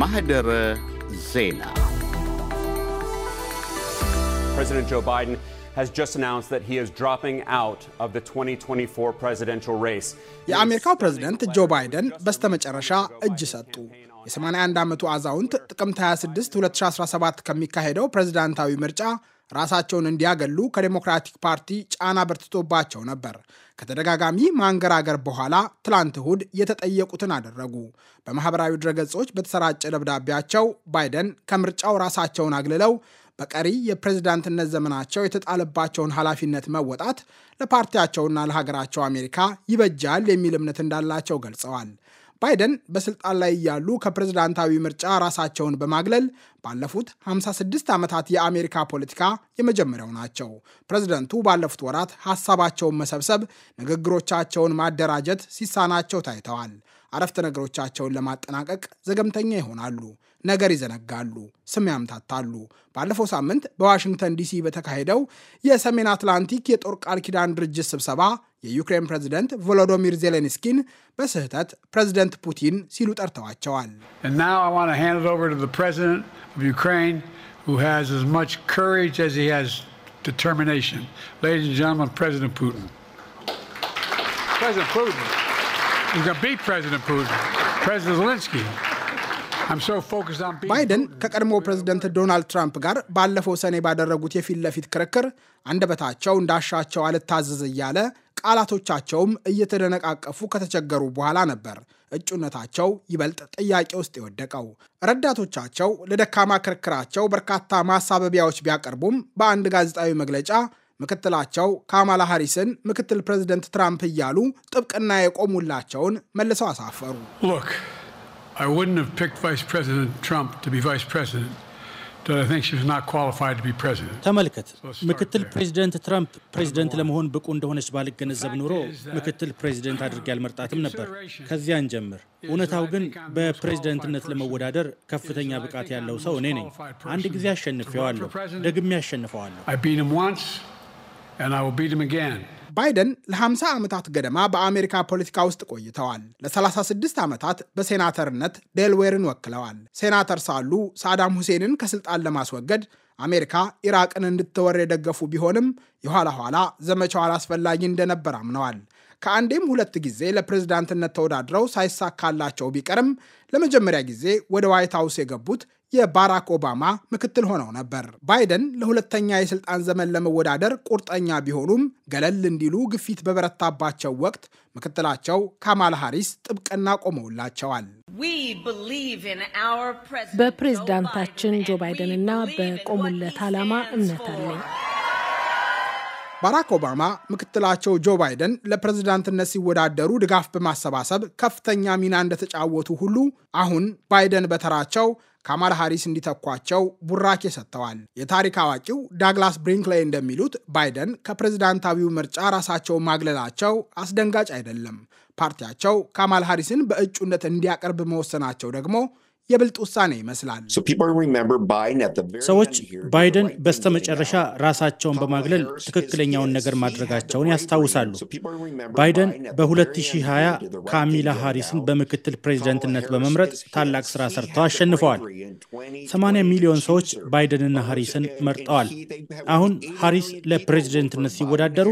ማህደረ ዜና ፕሬዚደንት ጆ ባይደን has just announced that he is dropping 2024 የአሜሪካው ፕሬዝደንት ጆ ባይደን በስተመጨረሻ እጅ ሰጡ። የ81 ዓመቱ አዛውንት ጥቅምት 26 2017 ከሚካሄደው ፕሬዚዳንታዊ ምርጫ ራሳቸውን እንዲያገሉ ከዴሞክራቲክ ፓርቲ ጫና በርትቶባቸው ነበር። ከተደጋጋሚ ማንገራገር በኋላ ትላንት እሁድ የተጠየቁትን አደረጉ። በማህበራዊ ድረገጾች በተሰራጨ ደብዳቤያቸው ባይደን ከምርጫው ራሳቸውን አግልለው በቀሪ የፕሬዝዳንትነት ዘመናቸው የተጣለባቸውን ኃላፊነት መወጣት ለፓርቲያቸውና ለሀገራቸው አሜሪካ ይበጃል የሚል እምነት እንዳላቸው ገልጸዋል። ባይደን በስልጣን ላይ እያሉ ከፕሬዝዳንታዊ ምርጫ ራሳቸውን በማግለል ባለፉት 56 ዓመታት የአሜሪካ ፖለቲካ የመጀመሪያው ናቸው። ፕሬዝደንቱ ባለፉት ወራት ሀሳባቸውን መሰብሰብ፣ ንግግሮቻቸውን ማደራጀት ሲሳናቸው ታይተዋል። አረፍተ ነገሮቻቸውን ለማጠናቀቅ ዘገምተኛ ይሆናሉ፣ ነገር ይዘነጋሉ፣ ስም ያምታታሉ። ባለፈው ሳምንት በዋሽንግተን ዲሲ በተካሄደው የሰሜን አትላንቲክ የጦር ቃል ኪዳን ድርጅት ስብሰባ የዩክሬን ፕሬዝደንት ቮሎዶሚር ዜሌንስኪን በስህተት ፕሬዝደንት ፑቲን ሲሉ ጠርተዋቸዋል። ፕሬዝደንት ፑቲን ባይደን ከቀድሞ ፕሬዝደንት ዶናልድ ትራምፕ ጋር ባለፈው ሰኔ ባደረጉት የፊት ለፊት ክርክር አንደበታቸው እንዳሻቸው አልታዘዝ እያለ ቃላቶቻቸውም እየተደነቃቀፉ ከተቸገሩ በኋላ ነበር እጩነታቸው ይበልጥ ጥያቄ ውስጥ የወደቀው። ረዳቶቻቸው ለደካማ ክርክራቸው በርካታ ማሳበቢያዎች ቢያቀርቡም በአንድ ጋዜጣዊ መግለጫ ምክትላቸው ካማላ ሃሪስን ምክትል ፕሬዚደንት ትራምፕ እያሉ ጥብቅና የቆሙላቸውን መልሰው አሳፈሩ። ተመልከት፣ ምክትል ፕሬዚደንት ትራምፕ ፕሬዚደንት ለመሆን ብቁ እንደሆነች ባልገነዘብ ኑሮ ምክትል ፕሬዚደንት አድርጌ አልመርጣትም ነበር። ከዚያን ጀምር። እውነታው ግን በፕሬዚደንትነት ለመወዳደር ከፍተኛ ብቃት ያለው ሰው እኔ ነኝ። አንድ ጊዜ አሸንፌዋለሁ፣ ደግሜ አሸንፈዋለሁ። ባይደን ለ50 ዓመታት ገደማ በአሜሪካ ፖለቲካ ውስጥ ቆይተዋል። ለ36 ዓመታት በሴናተርነት ዴልዌርን ወክለዋል። ሴናተር ሳሉ ሳዳም ሁሴንን ከስልጣን ለማስወገድ አሜሪካ ኢራቅን እንድትወር የደገፉ ቢሆንም የኋላ ኋላ ዘመቻው አላስፈላጊ እንደነበር አምነዋል። ከአንዴም ሁለት ጊዜ ለፕሬዝዳንትነት ተወዳድረው ሳይሳካላቸው ቢቀርም ለመጀመሪያ ጊዜ ወደ ዋይት ሀውስ የገቡት የባራክ ኦባማ ምክትል ሆነው ነበር። ባይደን ለሁለተኛ የስልጣን ዘመን ለመወዳደር ቁርጠኛ ቢሆኑም ገለል እንዲሉ ግፊት በበረታባቸው ወቅት ምክትላቸው ካማል ሃሪስ ጥብቅና ቆመውላቸዋል። በፕሬዝዳንታችን ጆ ባይደን እና በቆሙለት ዓላማ እምነት አለኝ። ባራክ ኦባማ ምክትላቸው ጆ ባይደን ለፕሬዝዳንትነት ሲወዳደሩ ድጋፍ በማሰባሰብ ከፍተኛ ሚና እንደተጫወቱ ሁሉ አሁን ባይደን በተራቸው ካማል ሃሪስ እንዲተኳቸው ቡራኬ ሰጥተዋል። የታሪክ አዋቂው ዳግላስ ብሪንክላይ እንደሚሉት ባይደን ከፕሬዝዳንታዊው ምርጫ ራሳቸው ማግለላቸው አስደንጋጭ አይደለም። ፓርቲያቸው ካማል ሃሪስን በእጩነት እንዲያቀርብ መወሰናቸው ደግሞ የብልጥ ውሳኔ ይመስላል። ሰዎች ባይደን በስተመጨረሻ ራሳቸውን በማግለል ትክክለኛውን ነገር ማድረጋቸውን ያስታውሳሉ። ባይደን በ2020 ካሚላ ሃሪስን በምክትል ፕሬዚደንትነት በመምረጥ ታላቅ ስራ ሰርተው አሸንፈዋል። 80 ሚሊዮን ሰዎች ባይደንና ሃሪስን መርጠዋል። አሁን ሃሪስ ለፕሬዚደንትነት ሲወዳደሩ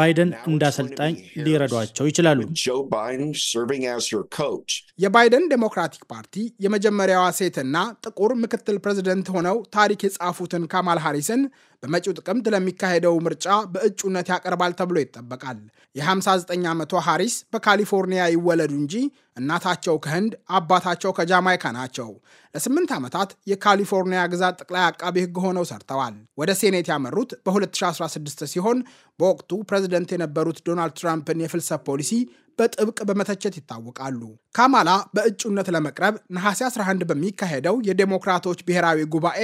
ባይደን እንዳሰልጣኝ ሊረዷቸው ይችላሉ። የባይደን ዴሞክራቲክ ፓርቲ የመጀመሪያዋ ሴትና ጥቁር ምክትል ፕሬዝደንት ሆነው ታሪክ የጻፉትን ካማል ሃሪስን በመጪው ጥቅምት ለሚካሄደው ምርጫ በእጩነት ያቀርባል ተብሎ ይጠበቃል። የ59 ዓመቷ ሃሪስ በካሊፎርኒያ ይወለዱ እንጂ እናታቸው ከህንድ አባታቸው ከጃማይካ ናቸው። ለስምንት ዓመታት የካሊፎርኒያ ግዛት ጠቅላይ አቃቢ ሕግ ሆነው ሰርተዋል። ወደ ሴኔት ያመሩት በ2016 ሲሆን በወቅቱ ፕሬዝደንት የነበሩት ዶናልድ ትራምፕን የፍልሰት ፖሊሲ በጥብቅ በመተቸት ይታወቃሉ። ካማላ በእጩነት ለመቅረብ ነሐሴ 11 በሚካሄደው የዴሞክራቶች ብሔራዊ ጉባኤ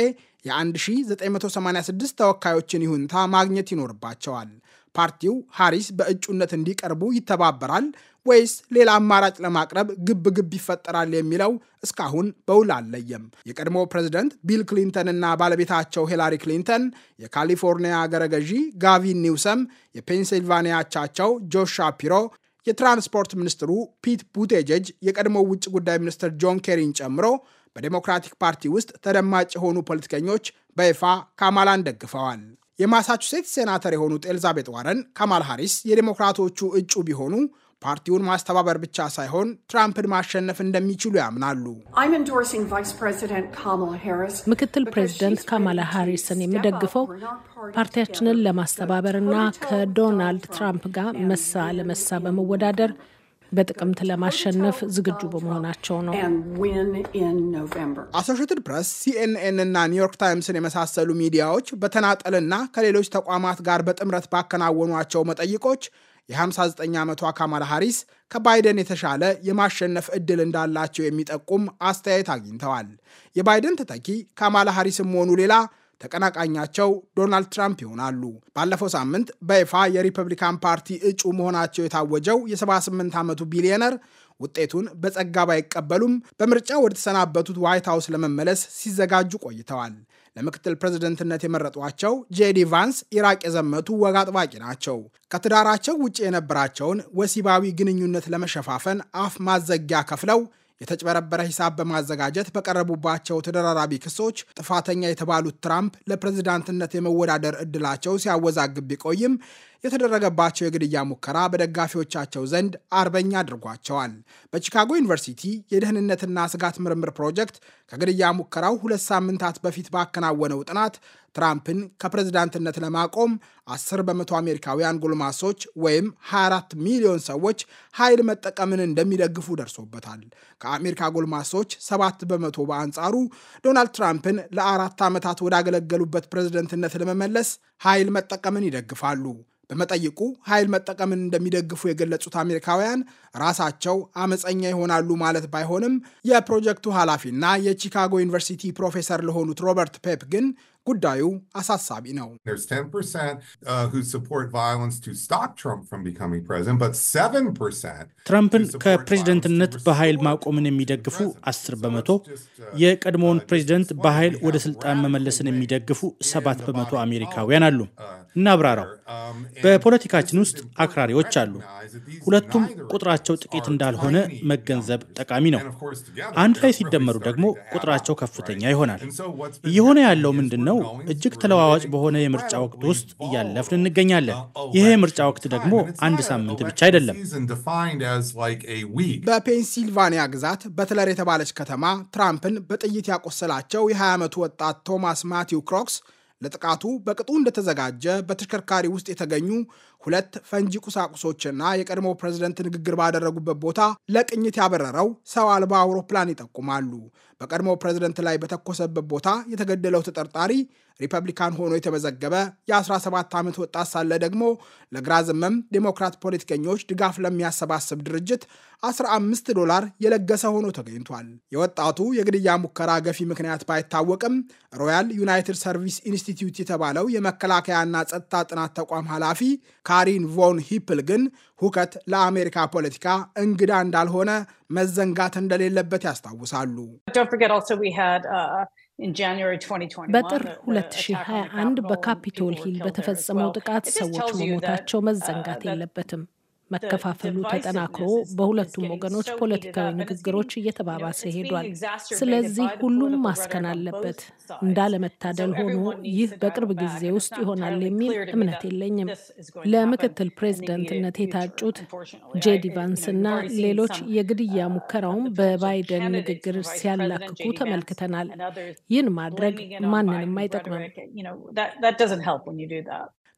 የ1986 ተወካዮችን ይሁንታ ማግኘት ይኖርባቸዋል። ፓርቲው ሃሪስ በእጩነት እንዲቀርቡ ይተባበራል ወይስ ሌላ አማራጭ ለማቅረብ ግብ ግብ ይፈጠራል የሚለው እስካሁን በውል አልለየም። የቀድሞ ፕሬዝደንት ቢል ክሊንተን እና ባለቤታቸው ሂላሪ ክሊንተን፣ የካሊፎርኒያ አገረ ገዢ ጋቪን ኒውሰም፣ የፔንሲልቫኒያ አቻቸው ጆሽ ሻፒሮ፣ የትራንስፖርት ሚኒስትሩ ፒት ቡቴጀጅ የቀድሞው ውጭ ጉዳይ ሚኒስትር ጆን ኬሪን ጨምሮ በዴሞክራቲክ ፓርቲ ውስጥ ተደማጭ የሆኑ ፖለቲከኞች በይፋ ካማላን ደግፈዋል። የማሳቹሴትስ ሴናተር የሆኑት ኤልዛቤት ዋረን ካማል ሃሪስ የዴሞክራቶቹ እጩ ቢሆኑ ፓርቲውን ማስተባበር ብቻ ሳይሆን ትራምፕን ማሸነፍ እንደሚችሉ ያምናሉ። ምክትል ፕሬዚደንት ካማላ ሃሪስን የሚደግፈው ፓርቲያችንን ለማስተባበር እና ከዶናልድ ትራምፕ ጋር መሳ ለመሳ በመወዳደር በጥቅምት ለማሸነፍ ዝግጁ በመሆናቸው ነው። አሶሽትድ ፕሬስ፣ ሲኤንኤን እና ኒውዮርክ ታይምስን የመሳሰሉ ሚዲያዎች በተናጠልና ከሌሎች ተቋማት ጋር በጥምረት ባከናወኗቸው መጠይቆች የ59 ዓመቷ ካማላ ሃሪስ ከባይደን የተሻለ የማሸነፍ ዕድል እንዳላቸው የሚጠቁም አስተያየት አግኝተዋል። የባይደን ተተኪ ካማላ ሃሪስም መሆኑ ሌላ ተቀናቃኛቸው ዶናልድ ትራምፕ ይሆናሉ። ባለፈው ሳምንት በይፋ የሪፐብሊካን ፓርቲ እጩ መሆናቸው የታወጀው የ78 ዓመቱ ቢሊዮነር ውጤቱን በጸጋ ባይቀበሉም በምርጫ ወደ ተሰናበቱት ዋይት ሀውስ ለመመለስ ሲዘጋጁ ቆይተዋል። ለምክትል ፕሬዝደንትነት የመረጧቸው ጄዲ ቫንስ ኢራቅ የዘመቱ ወግ አጥባቂ ናቸው። ከትዳራቸው ውጭ የነበራቸውን ወሲባዊ ግንኙነት ለመሸፋፈን አፍ ማዘጊያ ከፍለው የተጭበረበረ ሂሳብ በማዘጋጀት በቀረቡባቸው ተደራራቢ ክሶች ጥፋተኛ የተባሉት ትራምፕ ለፕሬዝዳንትነት የመወዳደር እድላቸው ሲያወዛግብ ቢቆይም የተደረገባቸው የግድያ ሙከራ በደጋፊዎቻቸው ዘንድ አርበኛ አድርጓቸዋል። በቺካጎ ዩኒቨርሲቲ የደህንነትና ስጋት ምርምር ፕሮጀክት ከግድያ ሙከራው ሁለት ሳምንታት በፊት ባከናወነው ጥናት ትራምፕን ከፕሬዝዳንትነት ለማቆም 10 በመቶ አሜሪካውያን ጎልማሶች ወይም 24 ሚሊዮን ሰዎች ኃይል መጠቀምን እንደሚደግፉ ደርሶበታል። ከአሜሪካ ጎልማሶች 7 በመቶ በአንጻሩ ዶናልድ ትራምፕን ለአራት ዓመታት ወዳገለገሉበት ፕሬዝደንትነት ለመመለስ ኃይል መጠቀምን ይደግፋሉ። በመጠይቁ ኃይል መጠቀምን እንደሚደግፉ የገለጹት አሜሪካውያን ራሳቸው አመፀኛ ይሆናሉ ማለት ባይሆንም የፕሮጀክቱ ኃላፊና የቺካጎ ዩኒቨርሲቲ ፕሮፌሰር ለሆኑት ሮበርት ፔፕ ግን ጉዳዩ አሳሳቢ ነው። uh, ትራምፕን ከፕሬዚደንትነት በኃይል ማቆምን የሚደግፉ 10 በመቶ፣ uh, የቀድሞውን uh, ፕሬዚደንት በኃይል ወደ ስልጣን መመለስን የሚደግፉ 7 በመቶ አሜሪካውያን አሉ። እናብራራው። um, በፖለቲካችን ውስጥ አክራሪዎች አሉ። ሁለቱም ቁጥራቸው ጥቂት እንዳልሆነ መገንዘብ ጠቃሚ ነው። አንድ ላይ ሲደመሩ ደግሞ ቁጥራቸው ከፍተኛ ይሆናል። እየሆነ ያለው ምንድን ነው? ነው እጅግ ተለዋዋጭ በሆነ የምርጫ ወቅት ውስጥ እያለፍን እንገኛለን። ይህ የምርጫ ወቅት ደግሞ አንድ ሳምንት ብቻ አይደለም። በፔንሲልቫኒያ ግዛት በትለር የተባለች ከተማ ትራምፕን በጥይት ያቆሰላቸው የ20 ዓመቱ ወጣት ቶማስ ማቲው ክሮክስ ለጥቃቱ በቅጡ እንደተዘጋጀ በተሽከርካሪ ውስጥ የተገኙ ሁለት ፈንጂ ቁሳቁሶችና የቀድሞ ፕሬዝደንት ንግግር ባደረጉበት ቦታ ለቅኝት ያበረረው ሰው አልባ አውሮፕላን ይጠቁማሉ። በቀድሞ ፕሬዝደንት ላይ በተኮሰበት ቦታ የተገደለው ተጠርጣሪ ሪፐብሊካን ሆኖ የተመዘገበ የ17 ዓመት ወጣት ሳለ ደግሞ ለግራ ዘመም ዴሞክራት ፖለቲከኞች ድጋፍ ለሚያሰባስብ ድርጅት 15 ዶላር የለገሰ ሆኖ ተገኝቷል። የወጣቱ የግድያ ሙከራ ገፊ ምክንያት ባይታወቅም ሮያል ዩናይትድ ሰርቪስ ኢንስቲትዩት የተባለው የመከላከያና ጸጥታ ጥናት ተቋም ኃላፊ ካሪን ቮን ሂፕል ግን ሁከት ለአሜሪካ ፖለቲካ እንግዳ እንዳልሆነ መዘንጋት እንደሌለበት ያስታውሳሉ። uh, uh, በጥር 2021 በካፒቶል ሂል በተፈጸመው ጥቃት ሰዎች መሞታቸው መዘንጋት uh, የለበትም። መከፋፈሉ ተጠናክሮ በሁለቱም ወገኖች ፖለቲካዊ ንግግሮች እየተባባሰ ሄዷል። ስለዚህ ሁሉም ማስከን አለበት። እንዳለመታደል ሆኖ ይህ በቅርብ ጊዜ ውስጥ ይሆናል የሚል እምነት የለኝም። ለምክትል ፕሬዝደንትነት የታጩት ጄዲ ቫንስ እና ሌሎች የግድያ uh, ሙከራውን በባይደን ንግግር ሲያላክኩ ተመልክተናል። ይህን ማድረግ ማንንም አይጠቅምም።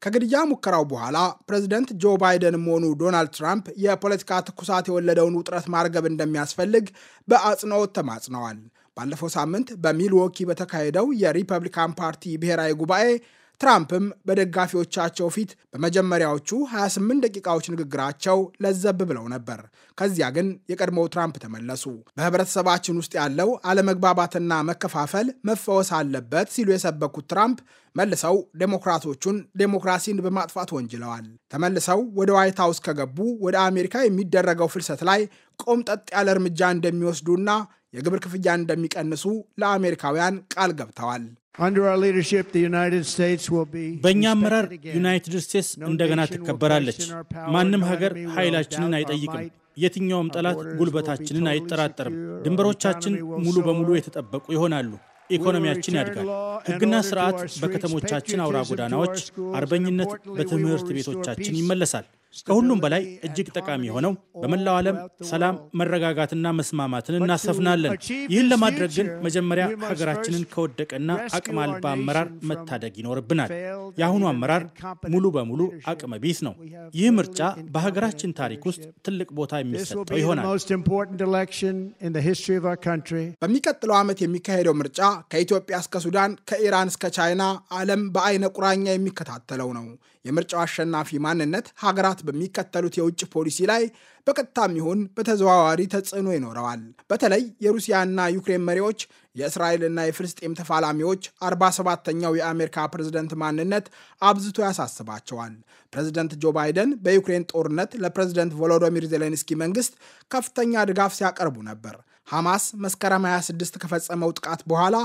ከግድያ ሙከራው በኋላ ፕሬዚደንት ጆ ባይደንም ሆኑ ዶናልድ ትራምፕ የፖለቲካ ትኩሳት የወለደውን ውጥረት ማርገብ እንደሚያስፈልግ በአጽንኦት ተማጽነዋል። ባለፈው ሳምንት በሚልዎኪ በተካሄደው የሪፐብሊካን ፓርቲ ብሔራዊ ጉባኤ ትራምፕም በደጋፊዎቻቸው ፊት በመጀመሪያዎቹ 28 ደቂቃዎች ንግግራቸው ለዘብ ብለው ነበር። ከዚያ ግን የቀድሞው ትራምፕ ተመለሱ። በህብረተሰባችን ውስጥ ያለው አለመግባባትና መከፋፈል መፈወስ አለበት ሲሉ የሰበኩት ትራምፕ መልሰው ዴሞክራቶቹን ዴሞክራሲን በማጥፋት ወንጅለዋል። ተመልሰው ወደ ዋይት ሀውስ ከገቡ ወደ አሜሪካ የሚደረገው ፍልሰት ላይ ቆምጠጥ ያለ እርምጃ እንደሚወስዱና የግብር ክፍያ እንደሚቀንሱ ለአሜሪካውያን ቃል ገብተዋል። በእኛ አመራር ዩናይትድ ስቴትስ እንደገና ትከበራለች። ማንም ሀገር ኃይላችንን አይጠይቅም። የትኛውም ጠላት ጉልበታችንን አይጠራጠርም። ድንበሮቻችን ሙሉ በሙሉ የተጠበቁ ይሆናሉ። ኢኮኖሚያችን ያድጋል። ሕግና ስርዓት በከተሞቻችን አውራ ጎዳናዎች፣ አርበኝነት በትምህርት ቤቶቻችን ይመለሳል። ከሁሉም በላይ እጅግ ጠቃሚ የሆነው በመላው ዓለም ሰላም መረጋጋትና መስማማትን እናሰፍናለን። ይህን ለማድረግ ግን መጀመሪያ ሀገራችንን ከወደቀና አቅም አልባ አመራር መታደግ ይኖርብናል። የአሁኑ አመራር ሙሉ በሙሉ አቅመ ቢስ ነው። ይህ ምርጫ በሀገራችን ታሪክ ውስጥ ትልቅ ቦታ የሚሰጠው ይሆናል። በሚቀጥለው ዓመት የሚካሄደው ምርጫ ከኢትዮጵያ እስከ ሱዳን፣ ከኢራን እስከ ቻይና ዓለም በአይነ ቁራኛ የሚከታተለው ነው። የምርጫው አሸናፊ ማንነት ሀገራት ሀገራት በሚከተሉት የውጭ ፖሊሲ ላይ በቀጥታም ይሁን በተዘዋዋሪ ተጽዕኖ ይኖረዋል። በተለይ የሩሲያና ዩክሬን መሪዎች የእስራኤልና የፍልስጤም ተፋላሚዎች 47ተኛው የአሜሪካ ፕሬዝደንት ማንነት አብዝቶ ያሳስባቸዋል። ፕሬዝደንት ጆ ባይደን በዩክሬን ጦርነት ለፕሬዝደንት ቮሎዶሚር ዜሌንስኪ መንግስት ከፍተኛ ድጋፍ ሲያቀርቡ ነበር። ሐማስ መስከረም 26 ከፈጸመው ጥቃት በኋላ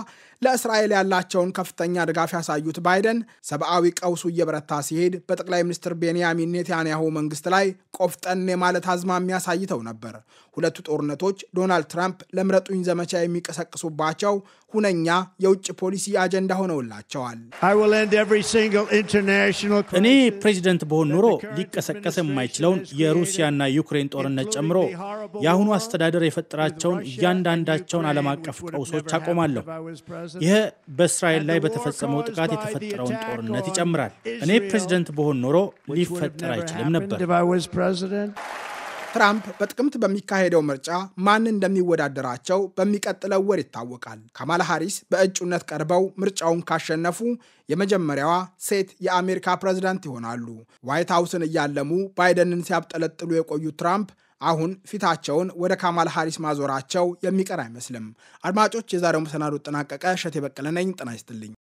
ለእስራኤል ያላቸውን ከፍተኛ ድጋፍ ያሳዩት ባይደን ሰብአዊ ቀውሱ እየበረታ ሲሄድ በጠቅላይ ሚኒስትር ቤንያሚን ኔታንያሁ መንግስት ላይ ቆፍጠን የማለት አዝማሚያ አሳይተው ነበር። ሁለቱ ጦርነቶች ዶናልድ ትራምፕ ለምረጡኝ ዘመቻ የሚቀሰቅሱባቸው ሁነኛ የውጭ ፖሊሲ አጀንዳ ሆነውላቸዋል። እኔ ፕሬዚደንት በሆን ኑሮ ሊቀሰቀስ የማይችለውን የሩሲያና ዩክሬን ጦርነት ጨምሮ የአሁኑ አስተዳደር የፈጠራቸውን እያንዳንዳቸውን ዓለም አቀፍ ቀውሶች አቆማለሁ። ይህ በእስራኤል ላይ በተፈጸመው ጥቃት የተፈጠረውን ጦርነት ይጨምራል። እኔ ፕሬዚደንት በሆን ኖሮ ሊፈጠር አይችልም ነበር። ትራምፕ በጥቅምት በሚካሄደው ምርጫ ማን እንደሚወዳደራቸው በሚቀጥለው ወር ይታወቃል። ካማላ ሃሪስ በእጩነት ቀርበው ምርጫውን ካሸነፉ የመጀመሪያዋ ሴት የአሜሪካ ፕሬዝዳንት ይሆናሉ። ዋይት ሀውስን እያለሙ ባይደንን ሲያብጠለጥሉ የቆዩት ትራምፕ አሁን ፊታቸውን ወደ ካማል ሐሪስ ማዞራቸው የሚቀር አይመስልም። አድማጮች፣ የዛሬው መሰናዶ ጠናቀቀ። እሸቴ በቀለ ነኝ። ጤና ይስጥልኝ።